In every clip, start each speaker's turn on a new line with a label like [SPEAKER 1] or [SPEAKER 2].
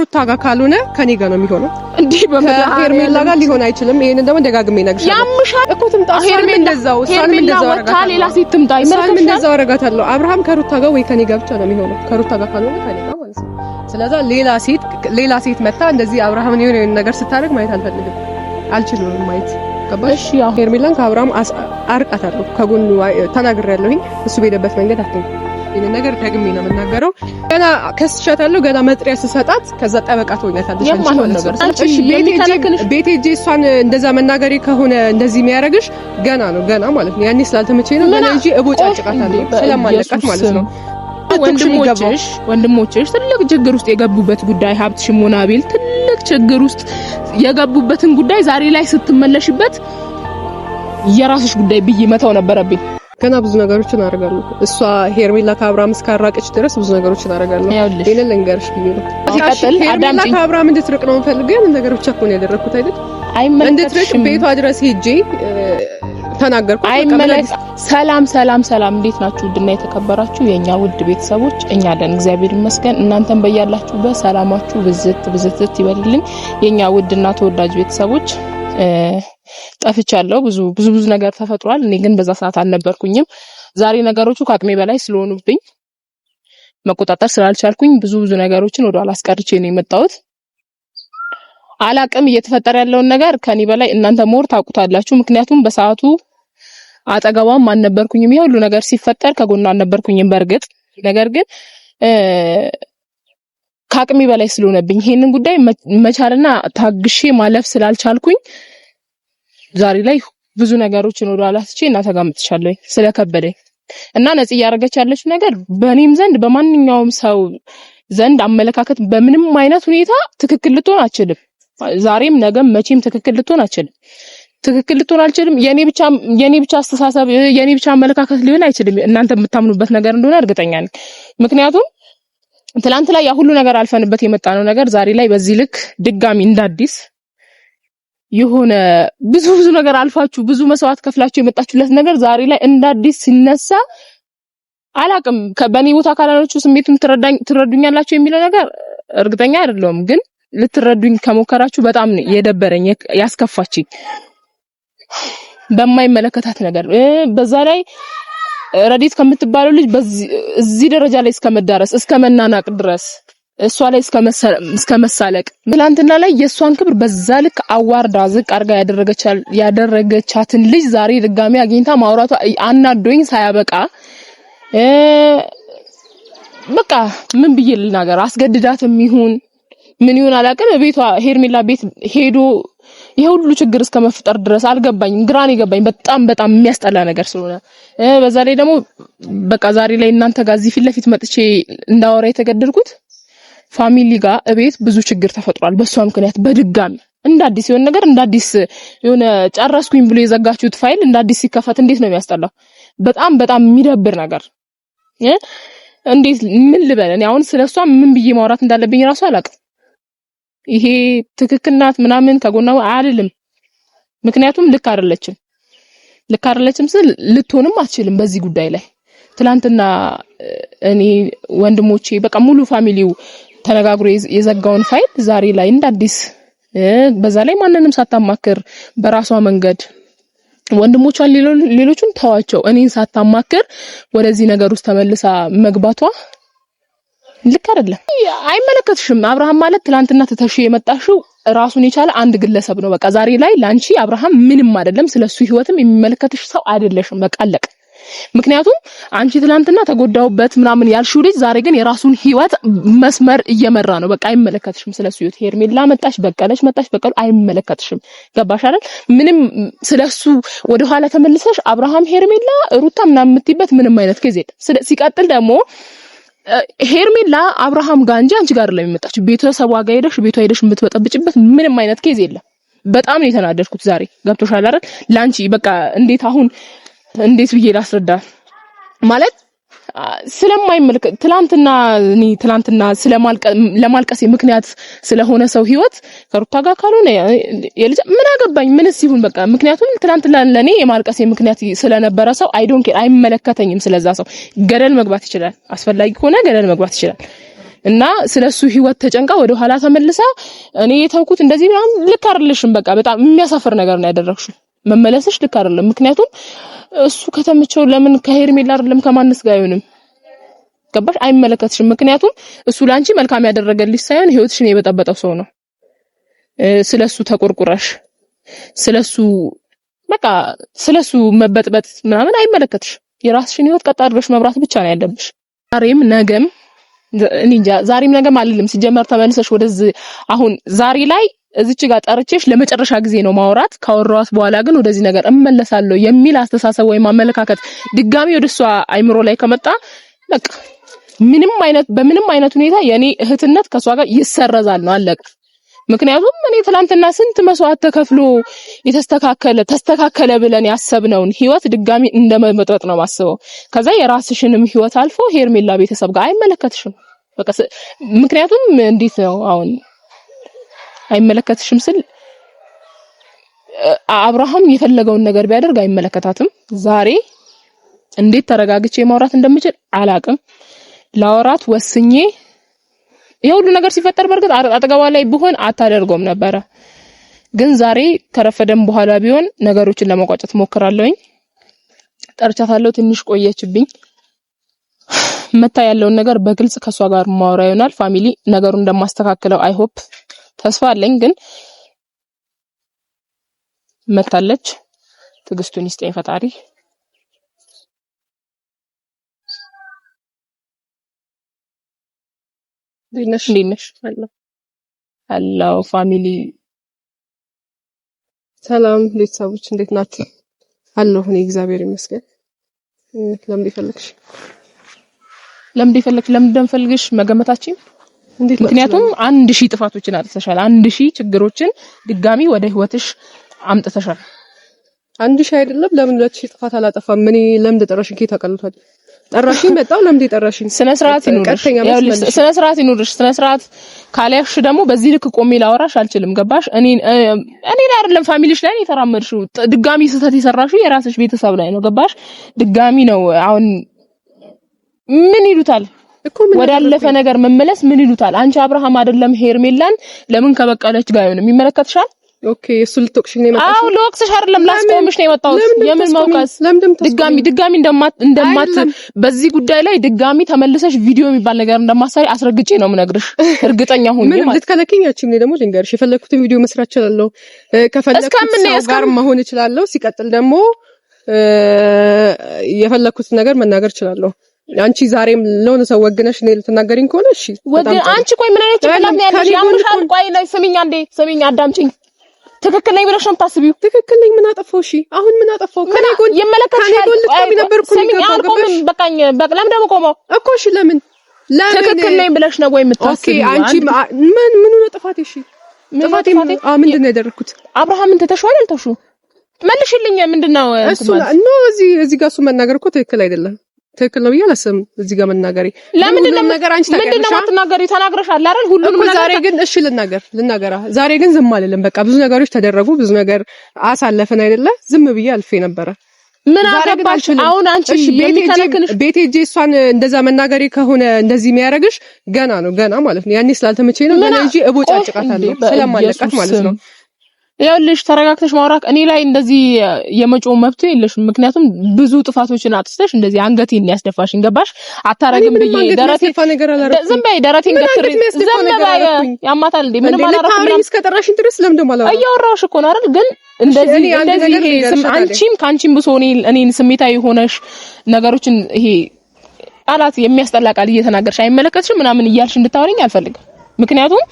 [SPEAKER 1] ሩታ ጋር ካልሆነ ከኔ ጋር ነው የሚሆነው። እንዲህ በመላ ሄርሜላ ጋር ሊሆን አይችልም። ይሄንን ደግሞ ደጋግሜ ነግሻለሁ። ያምሻል እኮ ትምጣ። ሄርሜላ እንደዛው እሷንም እንደዛው አረጋታለሁ። ሌላ ሴት ትምጣ። እሷንም እንደዛው አረጋታለሁ። አብርሃም ከሩታ ጋር ወይ ከኔ ጋር ብቻ ነው የሚሆነው። ከሩታ ጋር ካልሆነ ከኔ ጋር ማለት ነው። ስለዛ ሌላ ሴት ሌላ ሴት መታ እንደዚህ አብርሃምን የሆነ የሆነ ነገር ስታደርግ ማየት አልፈልግም፣ አልችልም ማየት ገባሽ? ሄርሜላን ከአብርሃም አርቃታለሁ። ከጎኑ ተናግሬያለሁኝ። እሱ በሄደበት መንገድ አትሄድም ይሄን ነገር ደግሜ ነው የምናገረው። ገና ከስቻታለሁ። ገና መጥሪያ ስሰጣት ከዛ ጠበቃ ትሆኛታለሽ ቤቴ ሂጅ። እሷን እንደዛ መናገሬ ከሆነ እንደዚህ የሚያደርግሽ ገና ነው ገና ማለት ነው። ያኔ ስላልተመቸኝ ነው ገና እንጂ እቦጫጭቃታለሁ ስለማለቃት ማለት ነው።
[SPEAKER 2] ወንድሞችሽ ወንድሞችሽ ትልቅ ችግር ውስጥ የገቡበት ጉዳይ ሀብት ሽሞና ቤል ትልቅ ችግር ውስጥ የገቡበትን ጉዳይ ዛሬ ላይ ስትመለሽበት የራስሽ ጉዳይ ብዬ መተው ነበረብኝ።
[SPEAKER 1] ገና ብዙ ነገሮችን አደርጋለሁ። እሷ ሄርሜላ ከአብርሃም እስካራቀች ድረስ ብዙ ነገሮች አደርጋለሁ። ይህንን ልንገርሽ ብዬ ነው። ሄርሜላ ከአብርሃም እንድትርቅ ነው የምፈልገው። ያን ነገሮች እኮ ነው ያደረኩት አይደል? እንድትርቅ ቤቷ ድረስ ሄጄ ተናገርኩ።
[SPEAKER 2] ሰላም ሰላም ሰላም፣ እንዴት ናችሁ? ውድና የተከበራችሁ የኛ ውድ ቤተሰቦች፣ እኛ ደን እግዚአብሔር ይመስገን። እናንተን በያላችሁበት ሰላማችሁ ብዝት ብዝትት ይበልልን የኛ ውድና ተወዳጅ ቤተሰቦች ጠፍቻለሁ። ብዙ ብዙ ብዙ ነገር ተፈጥሯል። እኔ ግን በዛ ሰዓት አልነበርኩኝም። ዛሬ ነገሮቹ ከአቅሜ በላይ ስለሆኑብኝ መቆጣጠር ስላልቻልኩኝ ብዙ ብዙ ነገሮችን ወደ ኋላ አስቀርቼ ነው የመጣሁት። አላቅም እየተፈጠረ ያለውን ነገር ከኔ በላይ እናንተ ሞር ታውቁታላችሁ። ምክንያቱም በሰዓቱ አጠገቧም አልነበርኩኝም። ይሄ ሁሉ ነገር ሲፈጠር ከጎኗ አልነበርኩኝም። በእርግጥ ነገር ግን ከአቅሜ በላይ ስለሆነብኝ ይሄንን ጉዳይ መቻልና ታግሼ ማለፍ ስላልቻልኩኝ ዛሬ ላይ ብዙ ነገሮችን ወደ ኋላ ትቼ እና ተጋምጥቻለሁ ስለከበደኝ እና ነጽ እያደረገች ያለችው ነገር በእኔም ዘንድ በማንኛውም ሰው ዘንድ አመለካከት በምንም አይነት ሁኔታ ትክክል ልትሆን አችልም። ዛሬም ነገም መቼም ትክክል ልትሆን አችልም። ትክክል ልትሆን አልችልም። የኔ ብቻ የኔ ብቻ አስተሳሰብ የኔ ብቻ አመለካከት ሊሆን አይችልም። እናንተ የምታምኑበት ነገር እንደሆነ እርግጠኛ ነኝ። ምክንያቱም ትላንት ላይ ያ ሁሉ ነገር አልፈንበት የመጣ ነው ነገር ዛሬ ላይ በዚህ ልክ ድጋሚ እንዳዲስ የሆነ ብዙ ብዙ ነገር አልፋችሁ ብዙ መስዋዕት ከፍላችሁ የመጣችሁለት ነገር ዛሬ ላይ እንደ አዲስ ሲነሳ አላቅም። በእኔ ቦታ ካላኖቹ ስሜቱን ትረዱኛላችሁ የሚለው ነገር እርግጠኛ አይደለሁም፣ ግን ልትረዱኝ ከሞከራችሁ በጣም የደበረኝ ያስከፋችኝ በማይመለከታት ነገር በዛ ላይ ረዲት ከምትባለው ልጅ እዚህ ደረጃ ላይ እስከመዳረስ እስከ መናናቅ ድረስ እሷ ላይ እስከ መሳለቅ ትላንትና ላይ የእሷን ክብር በዛ ልክ አዋርዳ ዝቅ አድርጋ ያደረገቻትን ልጅ ዛሬ ድጋሚ አግኝታ ማውራቷ አናዶኝ ሳያበቃ በቃ ምን ብዬ ልናገር? አስገድዳት የሚሆን ምን ይሁን አላውቅም። ቤቷ ሄርሜላ ቤት ሄዶ የሁሉ ችግር እስከ መፍጠር ድረስ አልገባኝም። ግራን የገባኝ በጣም በጣም የሚያስጠላ ነገር ስለሆነ በዛ ላይ ደግሞ በቃ ዛሬ ላይ እናንተ ጋር እዚህ ፊት ለፊት መጥቼ እንዳወራ የተገደድኩት ፋሚሊ ጋር እቤት ብዙ ችግር ተፈጥሯል። በእሷ ምክንያት በድጋሚ እንደ አዲስ የሆነ ነገር እንደ አዲስ የሆነ ጨረስኩኝ ብሎ የዘጋችሁት ፋይል እንደ አዲስ ሲከፈት እንዴት ነው የሚያስጠላው? በጣም በጣም የሚደብር ነገር። እንዴት ምን ልበል እኔ አሁን ስለ እሷ ምን ብዬ ማውራት እንዳለብኝ ራሱ አላውቅም። ይሄ ትክክል ናት ምናምን ከጎና አልልም፣ ምክንያቱም ልክ አይደለችም። ልክ አይደለችም ስል ልትሆንም አትችልም በዚህ ጉዳይ ላይ ትላንትና እኔ ወንድሞቼ በቃ ሙሉ ፋሚሊው ተነጋግሮ የዘጋውን ፋይል ዛሬ ላይ እንደ አዲስ በዛ ላይ ማንንም ሳታማክር በራሷ መንገድ ወንድሞቿን ሌሎቹን ተዋቸው፣ እኔን ሳታማክር ወደዚህ ነገር ውስጥ ተመልሳ መግባቷ ልክ አይደለም። አይመለከትሽም። አብርሃም ማለት ትላንትና ትተሽ የመጣሽው ራሱን የቻለ አንድ ግለሰብ ነው። በቃ ዛሬ ላይ ላንቺ አብርሃም ምንም አይደለም። ስለሱ ህይወትም የሚመለከትሽ ሰው አይደለሽም። በቃ አለቀ። ምክንያቱም አንቺ ትላንትና ተጎዳውበት ምናምን ያልሽው ልጅ ዛሬ ግን የራሱን ህይወት መስመር እየመራ ነው። በቃ አይመለከትሽም፣ ስለሱ ህይወት ሄርሜላ መጣሽ፣ በቀለች መጣሽ፣ በቀሉ አይመለከትሽም። ገባሽ አይደል? ምንም ስለሱ ወደኋላ ተመልሰሽ አብርሃም፣ ሄርሜላ፣ ሩታ ምናምን የምትይበት ምንም አይነት ጊዜ ሲቀጥል ደግሞ ሄርሜላ አብርሃም ጋር እንጂ አንቺ ጋር ለሚመጣችሁ ቤተሰቧ ጋር ሄደሽ ቤቷ ሄደሽ የምትበጠብጭበት ምንም አይነት ኬዝ የለም። በጣም ነው የተናደድኩት ዛሬ። ገብቶሻል አይደል? ላንቺ በቃ እንዴት አሁን እንዴት ብዬ ላስረዳ ማለት ስለማይመለከት ትላንትና እኔ ትላንትና ለማልቀሴ ምክንያት ስለሆነ ሰው ህይወት ከሩታ ጋር ካልሆነ የልጅ ምን አገባኝ? ምንስ ይሁን በቃ። ምክንያቱም ትላንትና ለእኔ የማልቀሴ ምክንያት ስለነበረ ሰው አይ ዶንት ኬር፣ አይመለከተኝም። ስለዛ ሰው ገደል መግባት ይችላል፣ አስፈላጊ ከሆነ ገደል መግባት ይችላል። እና ስለሱ ህይወት ተጨንቃ ወደ ኋላ ተመልሳ እኔ የተውኩት እንደዚህ ልክ አይደለሽም፣ በቃ በጣም የሚያሳፍር ነገር ነው ያደረግሽው። መመለስሽ ልክ አይደለም። ምክንያቱም እሱ ከተመቸው ለምን ከሄርሜላ አይደለም ከማንስ ጋር አይሆንም። ገባሽ? አይመለከትሽም። ምክንያቱም እሱ ላንቺ መልካም ያደረገልሽ ሳይሆን ህይወትሽን የበጠበጠው ሰው ነው። ስለሱ ተቆርቁረሽ ስለሱ በቃ ስለሱ መበጥበጥ ምናምን አይመለከትሽ። የራስሽን ህይወት ቀጥ አድርገሽ መብራት ብቻ ነው ያለብሽ። ዛሬም ነገም እኔ እንጃ ዛሬም ነገም አልልም። ሲጀመር ተመልሰሽ ወደዚህ አሁን ዛሬ ላይ እዚች ጋር ጠርቼሽ ለመጨረሻ ጊዜ ነው ማውራት፣ ካወራኋት በኋላ ግን ወደዚህ ነገር እመለሳለሁ የሚል አስተሳሰብ ወይም አመለካከት ድጋሚ ወደሷ አይምሮ ላይ ከመጣ በቃ ምንም አይነት በምንም አይነት ሁኔታ የኔ እህትነት ከሷ ጋር ይሰረዛል ነው አለቅ። ምክንያቱም እኔ ትላንትና ስንት መስዋዕት ተከፍሎ የተስተካከለ ተስተካከለ ብለን ያሰብነውን ህይወት ድጋሚ እንደመመጥረጥ ነው ማስበው። ከዛ የራስሽንም ህይወት አልፎ ሄርሜላ ቤተሰብ ጋር አይመለከትሽም። በቃ ምክንያቱም እንዴት ነው አሁን አይመለከትሽም ስል አብርሃም የፈለገውን ነገር ቢያደርግ አይመለከታትም። ዛሬ እንዴት ተረጋግቼ ማውራት እንደምችል አላቅም። ላወራት ወስኜ ይሄ ሁሉ ነገር ሲፈጠር በርግጥ አጠገቧ ላይ ብሆን አታደርገውም ነበረ። ግን ዛሬ ከረፈደም በኋላ ቢሆን ነገሮችን ለመቋጨት ሞክራለሁኝ። ጠርቻታለሁ። ትንሽ ቆየችብኝ። መታ ያለውን ነገር በግልጽ ከሷ ጋር ማውራ ይሆናል። ፋሚሊ ነገሩን እንደማስተካክለው አይሆፕ ተስፋ አለኝ። ግን መታለች። ትዕግስቱን ይስጠኝ ፈጣሪ። እንዴት ነሽ? አለው ፋሚሊ
[SPEAKER 1] ሰላም ቤተሰቦች እንዴት ናችሁ? አለሁ እኔ እግዚአብሔር ይመስገን። ለምን ይፈልግሽ
[SPEAKER 2] ለምን ይፈልግሽ ለምን እንደምፈልግሽ መገመታችን ምክንያቱም አንድ ሺህ ጥፋቶችን አጥተሻል። አንድ ሺህ ችግሮችን ድጋሚ ወደ ህይወትሽ አምጥተሻል።
[SPEAKER 1] አንድ ሺህ አይደለም፣ ለምን ለት ሺህ ጥፋት አላጠፋም? ምን ለምን ተጠራሽኝ? ከየት አቀልቷል? ጠራሽኝ፣ መጣሁ። ለምን ተጠራሽኝ?
[SPEAKER 2] ስነ ስርዓት ይኑርሽ፣ ስነ ስርዓት ይኑርሽ። ስነ ስርዓት ካልያዝሽ ደግሞ በዚህ ልክ ቆሜ ላወራሽ አልችልም። ገባሽ? እኔ እኔ ላይ አይደለም ፋሚሊሽ ላይ የተራመድሽው። ድጋሚ ስህተት የሰራሽው የራስሽ ቤተሰብ ላይ ነው። ገባሽ? ድጋሚ ነው አሁን ምን ይሉታል ወዳለፈ ነገር መመለስ ምን ይሉታል? አንቺ አብርሃም አይደለም ሄርሜላን ለምን ከበቀለች ጋር አይሆንም? ይመለከትሻል።
[SPEAKER 1] ኦኬ እሱ ልትወቅሽኝ
[SPEAKER 2] ነው የመጣሁት። አዎ ልወቅስሽ አይደለም ላስቆምሽ ነው የመጣሁት። የምን መውቀስ? ድጋሚ ድጋሚ እንደማት እንደማት በዚህ ጉዳይ ላይ ድጋሚ ተመልሰሽ ቪዲዮ የሚባል ነገር እንደማሳይ አስረግጬ ነው የምነግርሽ። እርግጠኛ ሁኚ
[SPEAKER 1] ማለት ምን ልትከለክኝ አልችልም። ነው ደግሞ ልንገርሽ የፈለኩትን ቪዲዮ መስራት እችላለሁ። ከፈለኩት ሰው ጋር መሆን እችላለሁ። ሲቀጥል ደግሞ የፈለኩትን ነገር መናገር እችላለሁ። አንቺ ዛሬም ለሆነ ሰው ወግነሽ እኔ ልትናገሪኝ ከሆነ እሺ፣
[SPEAKER 2] ወግን አንቺ ቆይ ምን አይነት ጭንቅላት ነው ያለሽ? ያምሻል። ቆይ ላይ ስሚኝ አንዴ፣ ስሚኝ አዳምጪኝ። ትክክል ነኝ ብለሽ ነው የምታስቢው?
[SPEAKER 1] ትክክል ነኝ። ምን አጠፋው? እሺ፣ አሁን ምን አጠፋው? ከኔ ጎን ይመለከትሻል። ከኔ ጎን ልትቆሚ ነበር እኮ
[SPEAKER 2] ነው ያልኩት። በቃኝ፣ በቃ ለምን ደግሞ ቆመው
[SPEAKER 1] እኮ? እሺ፣ ለምን ለምን ትክክል
[SPEAKER 2] ነኝ ብለሽ ነው ወይ
[SPEAKER 1] የምታስቢው? ኦኬ፣ አንቺ ምን ምን ነው ጥፋቴ? እሺ፣ ጥፋቴ ምንድን ነው ያደረኩት?
[SPEAKER 2] አብርሃምን ትተሽዋል፣ አልተውሽውም። መልሽልኝ። ምንድን ነው
[SPEAKER 1] እሱ? እዚህ ጋር እሱ መናገር እኮ ትክክል አይደለም። ትክክል ነው ብዬ አላስብም። እዚህ ጋር መናገሬ
[SPEAKER 2] ለምንድን ነው ነገር አንቺ ታውቂያለሽ። ምንድን ነው የምትናገሪው? ተናግረሻል አይደል?
[SPEAKER 1] ሁሉንም ዛሬ ግን እሺ ልናገር ልናገራ ዛሬ ግን ዝም አልልም። በቃ ብዙ ነገሮች ተደረጉ፣ ብዙ ነገር አሳለፈን አይደለ? ዝም ብዬ አልፌ ነበረ።
[SPEAKER 2] ምን አገባሽ አሁን አንቺ
[SPEAKER 1] የሚከለክልሽ ቤቴ ሂጅ። እሷን እንደዛ መናገሬ ከሆነ እንደዚህ የሚያደርግሽ ገና ነው ገና ማለት ነው። ያኔ ስላልተመቼ ነው ገና እንጂ እቦጫጭቃታለሁ ስለማለቃት ማለት ነው
[SPEAKER 2] ይኸውልሽ ተረጋግተሽ ማውራት እኔ ላይ እንደዚህ የመጮህ መብት የለሽም። ምክንያቱም ብዙ ጥፋቶችን አጥስተሽ እንደዚህ አንገቴን ያስደፋሽን ገባሽ አታረግም ብዬ ደረቴ ዝም በይ ደረቴን
[SPEAKER 1] ገትሪ ዝም በይ ያማታል እንዴ ምንም አላረኩም እስከጠራሽኝ ድረስ ለምደ
[SPEAKER 2] ደሞ አላወራም እያወራሁሽ እኮ ነው አይደል ግን እንደዚህ እንደዚህ ይሄ አንቺም ከአንቺም ብሶ እኔን ስሜታዊ ሆነሽ ነገሮችን ይሄ ቃላት የሚያስጠላ ቃል እየተናገርሽ አይመለከትሽም ምናምን እያልሽ እንድታወሪኝ አልፈልግም። ምክንያቱም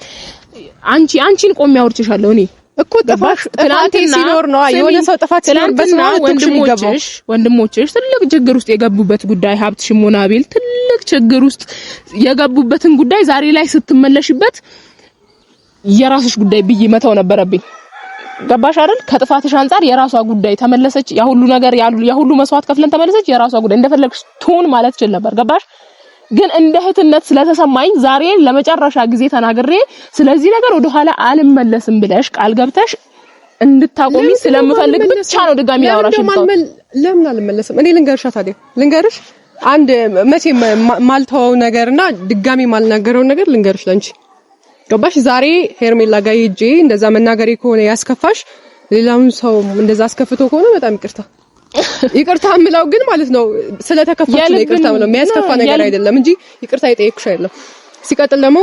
[SPEAKER 2] አንቺ አንቺን ቆሜ አውርቼሻለሁ እኔ
[SPEAKER 1] እኮ ጥፋት ጥፋት ሲኖር
[SPEAKER 2] ነው የሆነ ሰው ጥፋት
[SPEAKER 1] ሲኖርበት ነው። ወንድሞችሽ ወንድሞችሽ ትልቅ ችግር ውስጥ የገቡበት ጉዳይ ሀብትሽ ሆነ አቤል ትልቅ ችግር ውስጥ የገቡበትን ጉዳይ ዛሬ ላይ ስትመለሽበት
[SPEAKER 2] የራስሽ ጉዳይ ብዬ መተው ነበረብኝ። ገባሽ አይደል? ከጥፋትሽ አንጻር የራሷ ጉዳይ ተመለሰች። ያ ሁሉ ነገር ያ ሁሉ መስዋዕት ከፍለን ተመለሰች። የራሷ ጉዳይ እንደፈለግሽ ትሆን ማለት ይችል ነበር። ገባሽ? ግን እንደ እህትነት ስለተሰማኝ ዛሬ ለመጨረሻ ጊዜ ተናግሬ ስለዚህ ነገር ወደኋላ አልመለስም ብለሽ ቃል ገብተሽ እንድታቆሚ ስለምፈልግ ብቻ ነው ድጋሚ ያወራሽ።
[SPEAKER 1] ለምን አልመለስም? እኔ ልንገርሻ ታዲያ ልንገርሽ አንድ መቼ ማልተወው ነገርና ድጋሚ ማልናገረው ነገር ልንገርሽ ለንቺ ገባሽ? ዛሬ ሄርሜላ ጋር ሂጅ እንደዛ መናገሬ ከሆነ ያስከፋሽ፣ ሌላውን ሰው እንደዛ አስከፍቶ ከሆነ በጣም ይቅርታ ይቅርታ የምለው ግን ማለት ነው ስለተከፋች ነው። ይቅርታ የሚያስከፋ ነገር አይደለም እንጂ ይቅርታ የጠየቅሽ አይደለም ሲቀጥል ደግሞ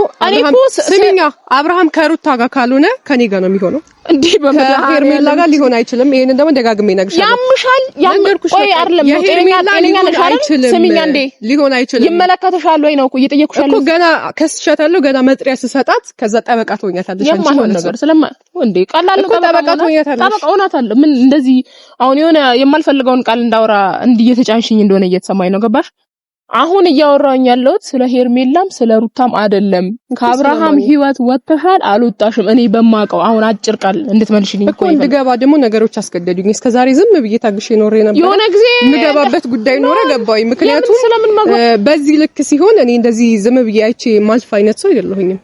[SPEAKER 1] ስሚኛ፣ አብርሃም ከሩታ ጋር ካልሆነ ከኔ ጋር ነው የሚሆነው። እንዲህ ከሄርሜላ ጋር ሊሆን አይችልም። ይሄንን ደግሞ ደጋግሜ እነግርሻለሁ።
[SPEAKER 2] ያምሻል፣ ያምርኩሽ። ቆይ አይደለም
[SPEAKER 1] ነው ጤነኛ ጤነኛ ነሽ አይደል? ስሚኛ፣ እንዴ ሊሆን አይችልም።
[SPEAKER 2] ይመለከተሻል ወይ ነው እኮ እየጠየቅኩሻለሁ
[SPEAKER 1] እኮ። ገና ከስሻታለሁ፣ ገና መጥሪያ ስሰጣት፣ ከዛ ጠበቃ ትሆኛታለሽ።
[SPEAKER 2] የማይሆን ነገር ስለማ እንዴ
[SPEAKER 1] ቀላል ነው። ጠበቃ
[SPEAKER 2] ትሆኛታለሽ። ጠበቃ እሆናታለሁ። ምን እንደዚህ አሁን የሆነ የማልፈልገውን ቃል እንዳውራ እንዲህ እየተጫንሽኝ እንደሆነ እየተሰማኝ ነው። ገባሽ? አሁን እያወራኝ ያለሁት ስለ ሄርሜላም ስለ ሩታም አይደለም። ከአብርሃም ህይወት ወጥተሻል፣ አልወጣሽም። እኔ በማውቀው አሁን አጭር ቃል እንድትመልሽልኝ
[SPEAKER 1] እኮ እንድገባ ደግሞ ነገሮች አስገደዱኝ። እስከዛሬ ዝም ብዬ ታግሼ ኖሬ ነበር። የሆነ ጊዜ የምገባበት ጉዳይ ኖረ ገባኝ። ምክንያቱም በዚህ ልክ ሲሆን እኔ እንደዚህ ዝም ብዬ አይቼ ማልፍ አይነት ሰው አይደለሁኝም።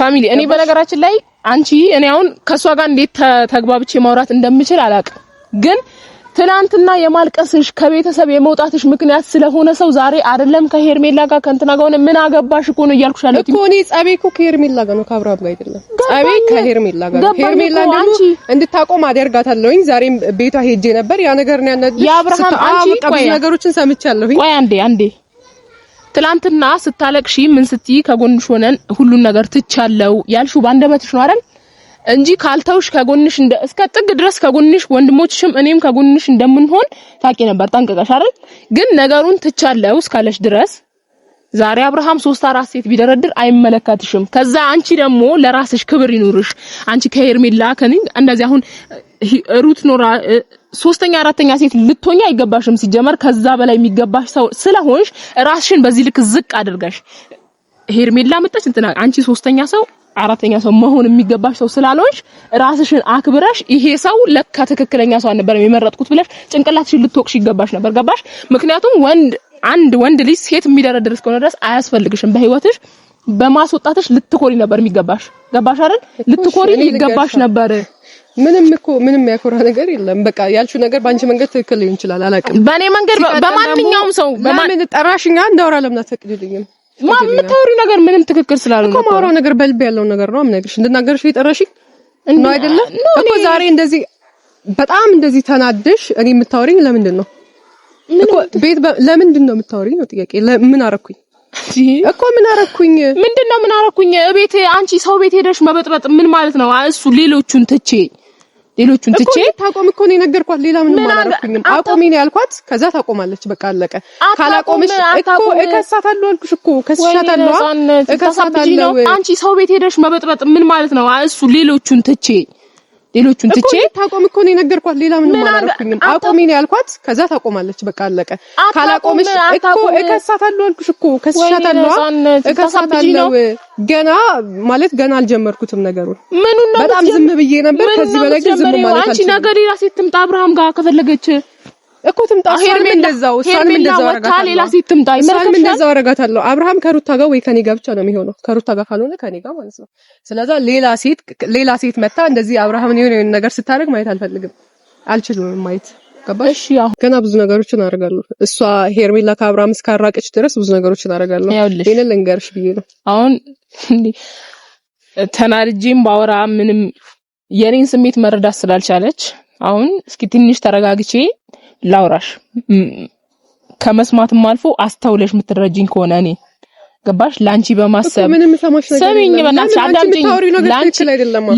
[SPEAKER 2] ፋሚሊ፣ እኔ በነገራችን ላይ አንቺ እኔ አሁን ከእሷ ጋር እንዴት ተግባብቼ ማውራት እንደምችል አላውቅም ግን ትናንትና የማልቀስሽ ከቤተሰብ የመውጣትሽ ምክንያት ስለሆነ ሰው ዛሬ አይደለም ከሄርሜላ ጋር ከእንትና ጋር ሆነ ምን አገባሽ እኮ ነው እያልኩሽ
[SPEAKER 1] ያለሁት እኮ እኔ ጸቤ እኮ ከሄርሜላ ጋር ነው ከአብርሃም ጋር አይደለም ጸቤ ከሄርሜላ ጋር ነው ሄርሜላ ደግሞ እንድታቆም አደርጋታለሁኝ ዛሬም ቤቷ ሄጄ ነበር ያ ነገር ነው
[SPEAKER 2] ያናደደኝ የአብርሃም አንቺ
[SPEAKER 1] ቆይ ነገሮችን ሰምቻለሁኝ
[SPEAKER 2] ቆይ አንዴ አንዴ ትላንትና ስታለቅሺ ምን ስትይ ከጎንሽ ሆነን ሁሉን ነገር ትቻለው ያልሽው ባንደበትሽ ነው አይደል እንጂ ካልተውሽ ከጎንሽ እንደ እስከ ጥግ ድረስ ከጎንሽ ወንድሞችሽም እኔም ከጎንሽ እንደምንሆን ታውቂ ነበር ጠንቅቀሽ አይደል? ግን ነገሩን ትቻለው እስካለሽ ድረስ ዛሬ አብርሃም ሶስት አራት ሴት ቢደረድር አይመለከትሽም። ከዛ አንቺ ደግሞ ለራስሽ ክብር ይኑርሽ። አንቺ ከሄርሜላ ከኔ እንደዚህ አሁን ሩት ኖራ ሶስተኛ አራተኛ ሴት ልትሆኛ አይገባሽም። ሲጀመር ከዛ በላይ የሚገባሽ ሰው ስለሆንሽ ራስሽን በዚህ ልክ ዝቅ አድርገሽ ሄርሜላ መጣች እንትና አንቺ ሶስተኛ ሰው አራተኛ ሰው መሆን የሚገባሽ ሰው ስላልሆንሽ ራስሽን አክብረሽ ይሄ ሰው ለካ ትክክለኛ ሰው አልነበረም የመረጥኩት ብለሽ ጭንቅላትሽን ልትወቅሽ ይገባሽ ነበር። ገባሽ? ምክንያቱም ወንድ አንድ ወንድ ልጅ ሴት የሚደረድር እስከሆነ ድረስ አያስፈልግሽም በህይወትሽ በማስወጣትሽ ልትኮሪ ነበር የሚገባሽ። ገባሽ አይደል? ልትኮሪ ይገባሽ ነበር።
[SPEAKER 1] ምንም እኮ ምንም ያኮራ ነገር የለም። በቃ ያልሽው ነገር በአንቺ መንገድ ትክክል ሊሆን ይችላል፣ አላውቅም።
[SPEAKER 2] በእኔ መንገድ በማንኛውም ሰው
[SPEAKER 1] በማን ጠራሽኛ እንዳወራ ለምን አትፈቅድልኝም?
[SPEAKER 2] የምታወሪው ነገር ምንም ትክክል ስላልሆነ
[SPEAKER 1] እኮ ማውራው ነገር በልብ ያለው ነገር ነው የምነግርሽ። እንድናገርሽ የጠራሽኝ ነው አይደለ? እኮ ዛሬ እንደዚህ በጣም እንደዚህ ተናደሽ እኔ የምታወሪኝ ለምንድን ነው እኮ ቤት ለምንድን ነው የምታወሪኝ ነው ጥያቄ። ምን አረኩኝ እኮ ምን አረኩኝ?
[SPEAKER 2] ምንድን ነው ምን አረኩኝ? ቤት አንቺ ሰው ቤት ሄደሽ መበጥበጥ ምን ማለት ነው? እሱ ሌሎቹን ትቼ ሌሎቹን ትቼ
[SPEAKER 1] ታቆም እኮ ነው የነገርኳት። ሌላ ምንም አላረኩኝም። አቆሚ ነው ያልኳት። ከዛ ታቆማለች። በቃ አለቀ። ካላቆምሽ እኮ እከሳታለሁ አልኩሽ እኮ ከስሻታለሁ።
[SPEAKER 2] እከሳታለሁ። አንቺ ሰው ቤት ሄደሽ መበጥበጥ ምን ማለት ነው? እሱ ሌሎቹን ትቼ ሌሎቹን ትቼ
[SPEAKER 1] ታቆም እኮ ነው የነገርኳት። ሌላ ምንም አላደረኩኝም። አቆሚ ነው ያልኳት። ከዛ ታቆማለች። በቃ አለቀ። ካላቆምሽ እኮ እከሳታለሁ አልኩሽ እኮ ከሳታለሁ፣ እከሳታለሁ። ገና ማለት ገና አልጀመርኩትም ነገሩን። በጣም ዝም ብዬ ነበር። ከዚህ በላይ ግን ዝም
[SPEAKER 2] ማለት አልችልም። አንቺ ነገር ራሴ ትምጣ አብርሃም ጋር ከፈለገች
[SPEAKER 1] እኮ ትምጣ። እሷንም እንደዛው እሷንም እንደዛው አረጋታለሁ። ሌላ ሴት ትምጣ። እሷንም እንደዛው አረጋታለሁ። አብርሃም ከሩታ ጋር ወይ ከኔ ጋር ብቻ ነው የሚሆነው። ከሩታ ጋር ካልሆነ ከኔ ጋር ማለት ነው። ስለዛ ሌላ ሴት ሌላ ሴት መታ እንደዚህ አብርሃምን የሆነ የሆነ ነገር ስታደርግ ማየት አልፈልግም፣ አልችልም ማየት ገባሽ? ገና ብዙ ነገሮችን አደርጋለሁ። እሷ ሄርሜላ ከአብርሃም እስካራቀች ድረስ ብዙ ነገሮችን አደርጋለሁ። ይሄንን ልንገርሽ ብዬ ነው።
[SPEAKER 2] አሁን ተናድጄም ባወራ ምንም የኔን ስሜት መረዳት ስላልቻለች አሁን እስኪ ትንሽ ተረጋግቼ ላውራሽ ከመስማትም አልፎ አስተውለሽ የምትረጅኝ ከሆነ እኔ ገባሽ ላንቺ በማሰብ ሰሚኝ፣ በእናትሽ አዳምጪኝ።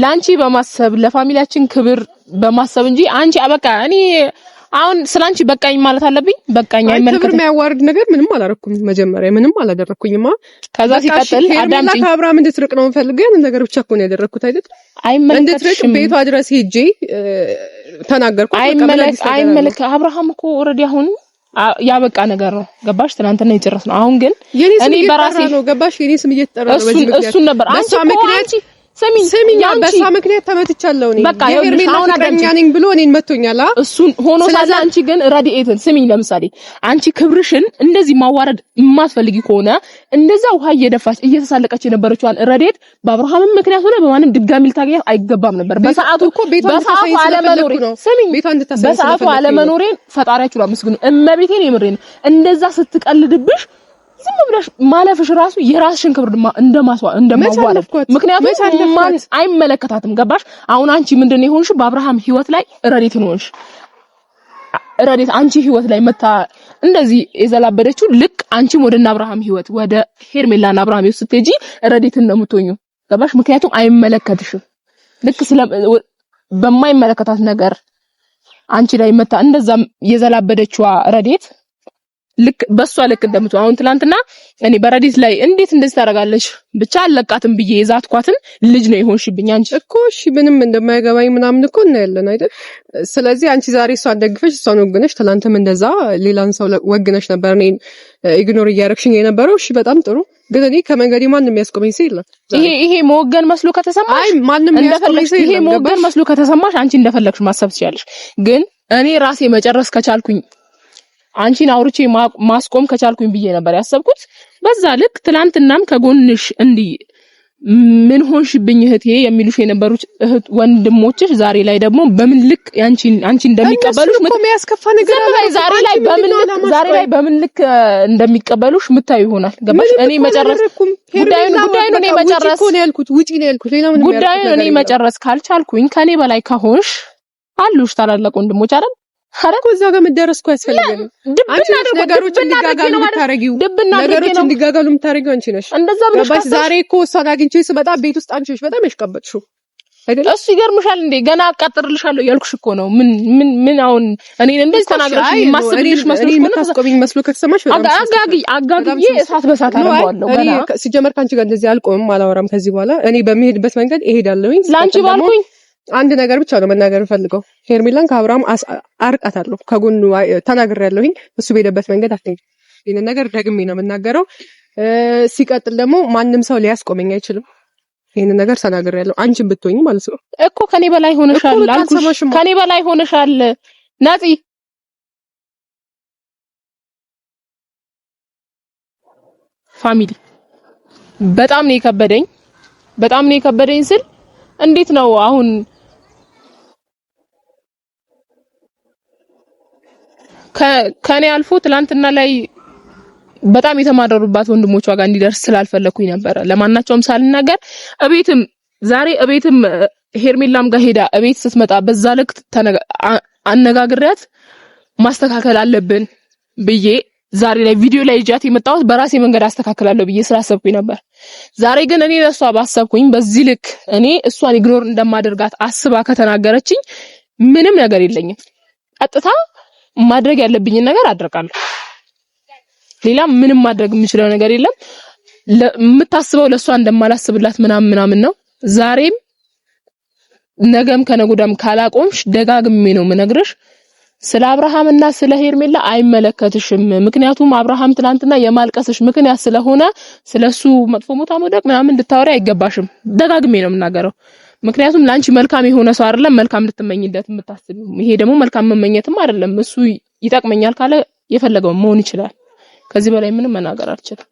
[SPEAKER 2] ላንቺ በማሰብ ለፋሚሊያችን ክብር በማሰብ እንጂ አንቺ አበቃ እኔ አሁን ስላንቺ በቃኝ ማለት አለብኝ። በቃኝ አይመልከት።
[SPEAKER 1] ክብር የሚያዋርድ ነገር ምንም አላረኩም። መጀመሪያ ምንም አላደረኩኝማ። ከዛ ሲቀጥል አዳምጪ፣ ከአብርሃም እንድትርቅ ነው የምፈልገው። ያንን ነገር ብቻ እኮ ነው ያደረኩት አይደል? እንድትርቅ ቤቷ ድረስ ሄጄ ተናገርኩ።
[SPEAKER 2] አይመለክ አብርሃም እኮ ኦልሬዲ አሁን ያበቃ ነገር ነው ገባሽ? ትናንትና የጨረስ ነው። አሁን ግን
[SPEAKER 1] እኔ በራሴ ነው ገባሽ? የኔ ስም እየተጠራ
[SPEAKER 2] ነው። በዚህ ምክንያት እሱን ነበር
[SPEAKER 1] አንቺ ስሚኝ ስሚኝ፣ በእሷ ምክንያት ተመትቻለሁ። እኔ በቃ ፍቅረኛ ነኝ ብሎ እኔን መቶኛል።
[SPEAKER 2] እሱን ሆኖ ሳለ አንቺ ግን ረድኤትን ስሚኝ፣ ለምሳሌ አንቺ ክብርሽን እንደዚህ ማዋረድ የማትፈልጊ ከሆነ እንደዛ ውሃ እየደፋች እየተሳለቀች የነበረችዋን ረድኤት በአብርሃምም ምክንያት ሆነ በማንም ድጋሚ ልታገኛት አይገባም ነበር። በሰዓቱ እኮ በሰዓቱ አለመኖሬን ፈጣሪያችሁ አመስግኑ። እመቤቴን የምሬን እንደዛ ስትቀልድብሽ ዝም ብለሽ ማለፍሽ ራሱ የራስሽን ክብር እንደማስዋ እንደማዋለፍ
[SPEAKER 1] ምክንያቱም አይመለከታትም። ገባሽ? አሁን አንቺ ምንድን ነው የሆንሽ? በአብርሃም ህይወት ላይ ረዴት ነውሽ።
[SPEAKER 2] ረዴት አንቺ ህይወት ላይ መታ እንደዚህ የዘላበደችው ልክ አንቺም ወደና አብርሃም ህይወት ወደ ሄርሜላና አብርሃም ህይወት ስትሄጂ ረዴት እንደምትሆኙ ገባሽ? ምክንያቱም አይመለከትሽም። ልክ ስለ በማይመለከታት ነገር አንቺ ላይ መታ እንደዛ የዘላበደችዋ ረዴት ልክ በሷ ልክ እንደምትሆን አሁን ትላንትና እኔ በረዲት ላይ እንዴት እንደዚህ ታደርጋለች ብቻ አለቃትም ብዬ የዛትኳትን ልጅ ነው የሆንሽብኝ አንቺ
[SPEAKER 1] እኮ እሺ ምንም እንደማይገባኝ ምናምን እኮ እናያለን አይደል ስለዚህ አንቺ ዛሬ እሷን ደግፈሽ እሷን ወግነሽ ትላንትም እንደዛ ሌላን ሰው ወግነሽ ነበር እኔን ኢግኖር እያደረግሽኝ የነበረው እሺ በጣም ጥሩ ግን እኔ ከመንገዴ ማንም የሚያስቆመኝ ሰው የለም
[SPEAKER 2] ይሄ ይሄ መወገን መስሎ ከተሰማሽ አይ ማንም ያስቆመኝ ሰው የለም መወገን መስሎ ከተሰማሽ አንቺ እንደፈለግሽ ማሰብ ትችያለሽ ግን እኔ ራሴ መጨረስ ከቻልኩኝ አንቺን አውርቼ ማስቆም ከቻልኩኝ ብዬ ነበር ያሰብኩት። በዛ ልክ ትላንትናም ከጎንሽ እንዲህ ምን ሆንሽብኝ እህቴ የሚሉሽ የነበሩት እህት ወንድሞችሽ ዛሬ ላይ ደግሞ በምን ልክ አንቺን አንቺ እንደሚቀበሉሽ
[SPEAKER 1] ምን ያስከፋ
[SPEAKER 2] ነገር አለ። ዛሬ ላይ በምን ልክ ዛሬ ላይ በምን ልክ እንደሚቀበሉሽ ምታዩ ይሆናል። ገባሽ? እኔ መጨረስ ጉዳዩን ጉዳዩን እኔ መጨረስ
[SPEAKER 1] ነው ያልኩት፣ ውጪ ነው ያልኩት።
[SPEAKER 2] ሌላ ምን ጉዳዩን እኔ መጨረስ ካልቻልኩኝ ከኔ በላይ ከሆንሽ አሉሽ ታላላቅ ወንድሞች አይደል
[SPEAKER 1] ኧረ እኮ እዛው ጋር መደረስ እኮ ያስፈልጋል። አንቺ ነሽ ነገሮች እንዲጋጋሉ የምታረጊው፣ ነገሮች እንዲጋጋሉ የምታረጊው አንቺ ነሽ። እንደዛ ገባሽ? ዛሬ እኮ እሷን አግኝቼ ስመጣ ቤት ውስጥ አንቺ ነሽ በጣም ያሽቀበጥሽው።
[SPEAKER 2] እሱ ይገርምሻል እንዴ? ገና አቃጥርልሻለሁ እያልኩሽ እኮ ነው። ምን ምን ምን አሁን እኔን እንደዚህ ተናግረሽ ማስብልሽ
[SPEAKER 1] መስሎሽ ምን ታስቆሚኝ መስሎ ከተሰማሽ
[SPEAKER 2] አጋጊ አጋጊዬ እሳት
[SPEAKER 1] በሳት አደርገዋለሁ። ገና ሲጀመር ከአንቺ ጋር እንደዚህ አልቆምም፣ አላወራም ከዚህ በኋላ እኔ በሚሄድበት መንገድ እሄዳለሁኝ።
[SPEAKER 2] ላንቺ ባልኩኝ
[SPEAKER 1] አንድ ነገር ብቻ ነው መናገር ፈልገው ሄርሜላን ከአብርሃም አርቃታለሁ። ከጎኑ ተናግር ተናግሬያለሁኝ። እሱ በሄደበት መንገድ አት ይህንን ነገር ደግሜ ነው የምናገረው። ሲቀጥል ደግሞ ማንም ሰው ሊያስቆመኝ አይችልም። ይህን ነገር ያለው አንቺን ብትሆኝ ማለት ነው
[SPEAKER 2] እኮ ከኔ በላይ ሆነሻል፣ አልኩሽ። ከኔ በላይ ሆነሻል ናፂ ፋሚሊ። በጣም ነው የከበደኝ፣ በጣም ነው የከበደኝ ስል እንዴት ነው አሁን ከኔ አልፎ ትላንትና ላይ በጣም የተማረሩባት ወንድሞቿ ጋር እንዲደርስ ስላልፈለኩኝ ነበረ ለማናቸውም ሳልናገር እቤትም ዛሬ እቤትም ሄርሜላም ጋር ሄዳ እቤት ስትመጣ በዛ ልክ አነጋግሪያት ማስተካከል አለብን ብዬ ዛሬ ላይ ቪዲዮ ላይ ይጃት የመጣሁት በራሴ መንገድ አስተካክላለሁ ብዬ ስላሰብኩኝ ነበር። ዛሬ ግን እኔ ለእሷ ባሰብኩኝ በዚህ ልክ እኔ እሷን ኢግኖር እንደማደርጋት አስባ ከተናገረችኝ ምንም ነገር የለኝም። ቀጥታ ማድረግ ያለብኝን ነገር አደርጋለሁ። ሌላ ምንም ማድረግ የምችለው ነገር የለም። የምታስበው ለእሷ እንደማላስብላት ምናምን ምናምን ነው። ዛሬም ነገም ከነጎዳም ካላቆምሽ ደጋግሜ ነው ምነግርሽ። ስለ አብርሃም እና ስለ ሄርሜላ አይመለከትሽም። ምክንያቱም አብርሃም ትናንትና የማልቀስሽ ምክንያት ስለሆነ ስለሱ መጥፎ ቦታ መውደቅ ምናምን እንድታወሪ አይገባሽም። ደጋግሜ ነው የምናገረው። ምክንያቱም ለአንቺ መልካም የሆነ ሰው አይደለም መልካም ልትመኝለት የምታስብ። ይሄ ደግሞ መልካም መመኘትም አይደለም። እሱ ይጠቅመኛል ካለ የፈለገው መሆን ይችላል። ከዚህ በላይ ምንም መናገር አልችልም።